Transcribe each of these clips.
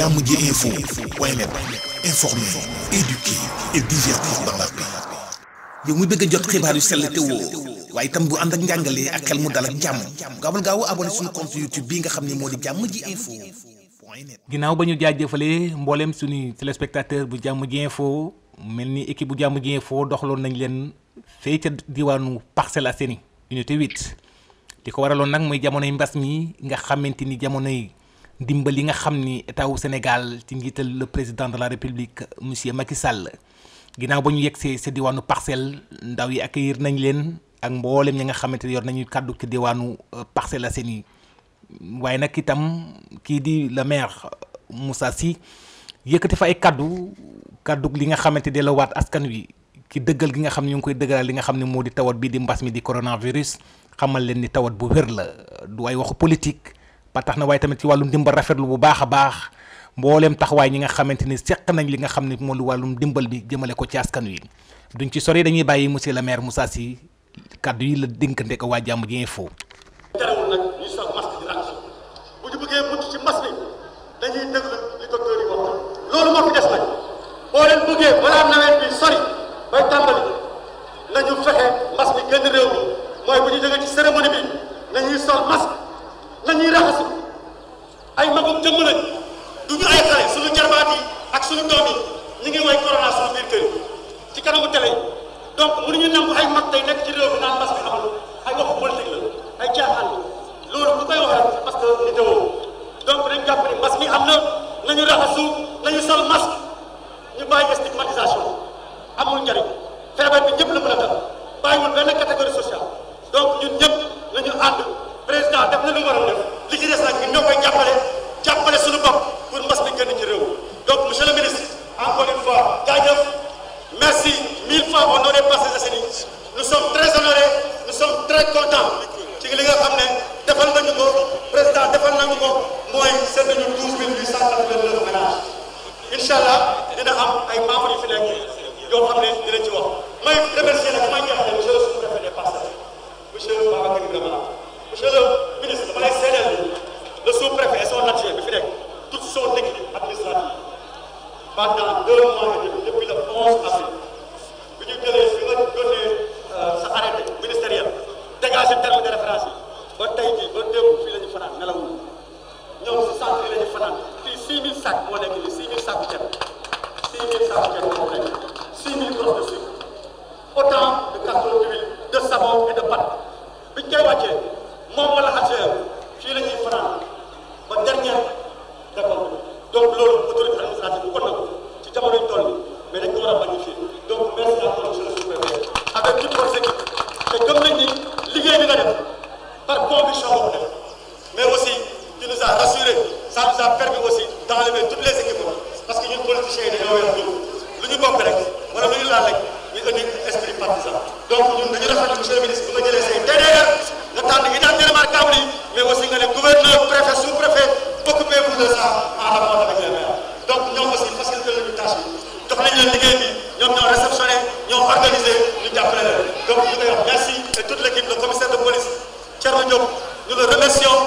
jàmm yow mi bëgg a jot xibaar yu sell te woo waaye itam bu ànd ak njàngalee ak xel mu dal ak jàmm gaawal gaaw abonné suñu compte YouTube bii nga xam ne moo di jàmm ji info. ginnaaw ba ñu jaajëfalee mbooleem suñu téléspectateur bu jàmm ji info mel ni équipe bu jàmm ji info doxaloon nañ leen fee ca diwaanu Parcelles Assainies unité 8 li ko waraloon nag mooy jamonoy mbas mi nga xamante ni jamono ndimbal yi nga xam ni état wu Sénégal ci njiital le président de la république monsieur Macky Sall ginnaaw ba ñu yegg see sa diwaanu parcelle ndaw yi ak accueillir nañ leen ak mboolem ñi nga xamante ne yor nañu kàddu ci diwaanu euh, Parcelles Assainies waaye nag itam kii di le maire euh, Moussa Sy yëkkati fa ay kàddu kàddu li nga xamante ne la waat askan wi ki dëggal gi nga xam ne ñu ngi koy dëggalaat li nga xam ne moo di tawat bii di mbas mi di coronavirus xamal leen ni tawat bu wér la du ay waxu politique. ba na waaye tamit ci wàllu ndimbal rafetlu bu baax a baax mbooleem taxawaay ñi nga xamante ni seq nañ li nga xam ne moom lu wàllum ndimbal bi jëmale ko ci askan wi duñ ci sori dañuy bàyyi monsieur le maire Moussa Sy kàddu yi la dénkante ko waa jàmm ji foofu di raxasu bu ci mbas mi dañuy déglu li docteur yi wax loolu moo fi des nag boo leen bëggee balaa nawet la ñuy raxasu ay magum jëmm lañ du ñu ay xale suñu jarbaat yi ak suñu doom yi way corona suñu biir kër ci kanamu télé donc mënuñu nangu ay mag tey nekk ci réew mi naan mbas ay waxu dina am ay membres yu fi nekk yoo xam ne dina ci wax may remercier nag may jeexale monsieur le sous-préfet des Parcelles monsieur Babacar Ibrahima monsieur le ministre dama lay seedeel ni le sous-préfet et son adjoint bi fi nekk toute son équipe administrative pendant deux mois et demi depuis le 11 avril bi ñu jëlee bi nga jotee euh, sa arrêté ministériel dégagé terme de référence yi ba tey jii ba démb fii la ñu fanaan nelaw moom wala HCR fii la ñuy fanaan ba dernier d'accord donc loolu autorité administrative bu ko nangu ci jamono yu toll mais dañ ko war a magnifier donc merci à monsieur le sous-préfet avec toute votre équipe te gëm nañ ni liggéey bi nga def par conviction boobu def mais aussi tu nous as rassuré ça nous a permis aussi d'enlever toutes les équipes parce que ñun politiciens yi dañoo yor ñun lu ñu bokk rek wala lu ñu laal rek ñu indi esprit partisan donc ñun dañu rafetlu monsieur le ministre bu tante inanté remarquable mais aussi que les gouverneurs, préfets, sous-préfets, occupez-vous de ça en rapport avec les maires. Donc ñoom aussi facilité la ñu tâche bi jox nañ leen liggéey bi ñoom ñoo réceptionné ñoo organisé ñu jàppale leen donc ñu koy wax merci et toute l'équipe le commissaire de police Thierno Diop nous le remercions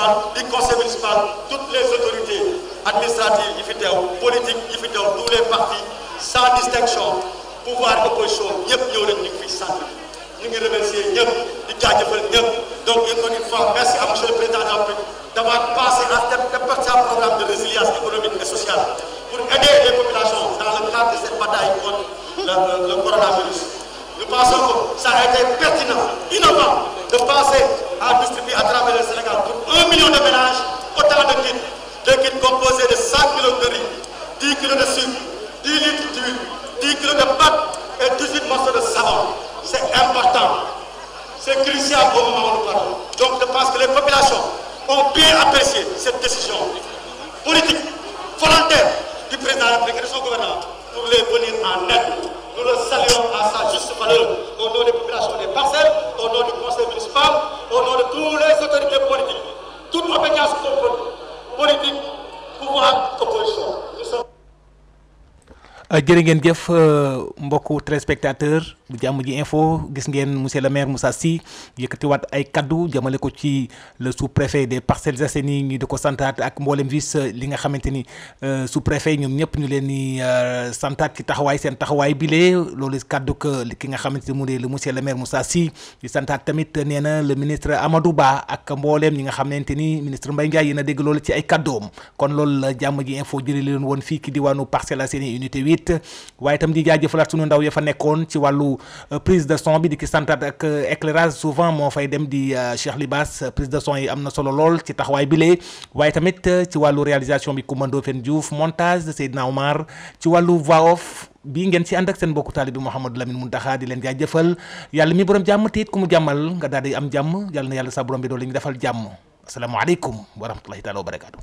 municipal di conseil municipal toutes les autorités administratives yi fi teew politique yi fi teew tous les partis sans distinction pouvoir opposition ñëpp donc encore une merci à monsieur le président de la République d'avoir passé de sa programme de résilience économique et sociale pour aider les populations dans le cadre de cette bataille contre le, le coronavirus. Nous pensons que ça a été pertinent, innovant de penser à distribuer à travers le million de ménages, autant de kits, de 100 kg de riz, 10 kg de sucre, 10 litres d'huile, 10 kg de pâte et 18 morceaux de savon. C'est important, c'est crucial au moment où nous parlons. Donc je pense que les populations ont bien cette décision politique, volontaire du président de la République et de son des parcelles, au du conseil municipal, au de toutes les autorités politiques. toute obédience politique pouvoir opposition. Euh, jërë ngeen jëf euh, mbokku téléspectateur jàmm ji info gis ngeen monsieur le maire Moussa Sy yëkkatiwaat ay kaddu jëmale ko ci le sous-préfet des Parcelles Assainies ñu di ko santaat ak mboolem li nga xamante ni euh, sous-préfet ñoom ñëpp ñu leen di euh, santaat ci taxawaay seen taxawaay bilee loolu kaddu ki nga xamante ni mu dee le monsieur le maire Moussa Sy di santaat tamit nee na le ministre Amadou Ba ak mbooleem ñi nga xamante ni ministre Mbaye Ndiaye yéen a dégg loolu ci ay kaddoom kon loolu la jàmm ji info jëlee leen woon fii ki di jaajëfalaat suñu ndaw ya fa Euh, prise de son bi di ki santaat ak euh, éclairage souvent moo fay dem di euh, Cheikh Libaas prise de son yi am na solo lool ci taxawaay bi lee waaye tamit ci wàllu réalisation bi Coumba Ndoffène Diouf montage de Seydina Omar ci wàllu voix off bii ngeen ci ànd ak seen mbokku taalibe bi Mouhamadou Lamine Mountakha di leen jaajëfal yàlla mi borom jàmm te ku mu jàmmal nga daal di am jàmm yàlla na yàlla sa borom bi doolu la defal jàmm asalaamaaleykum wa rahmatullahi taala wa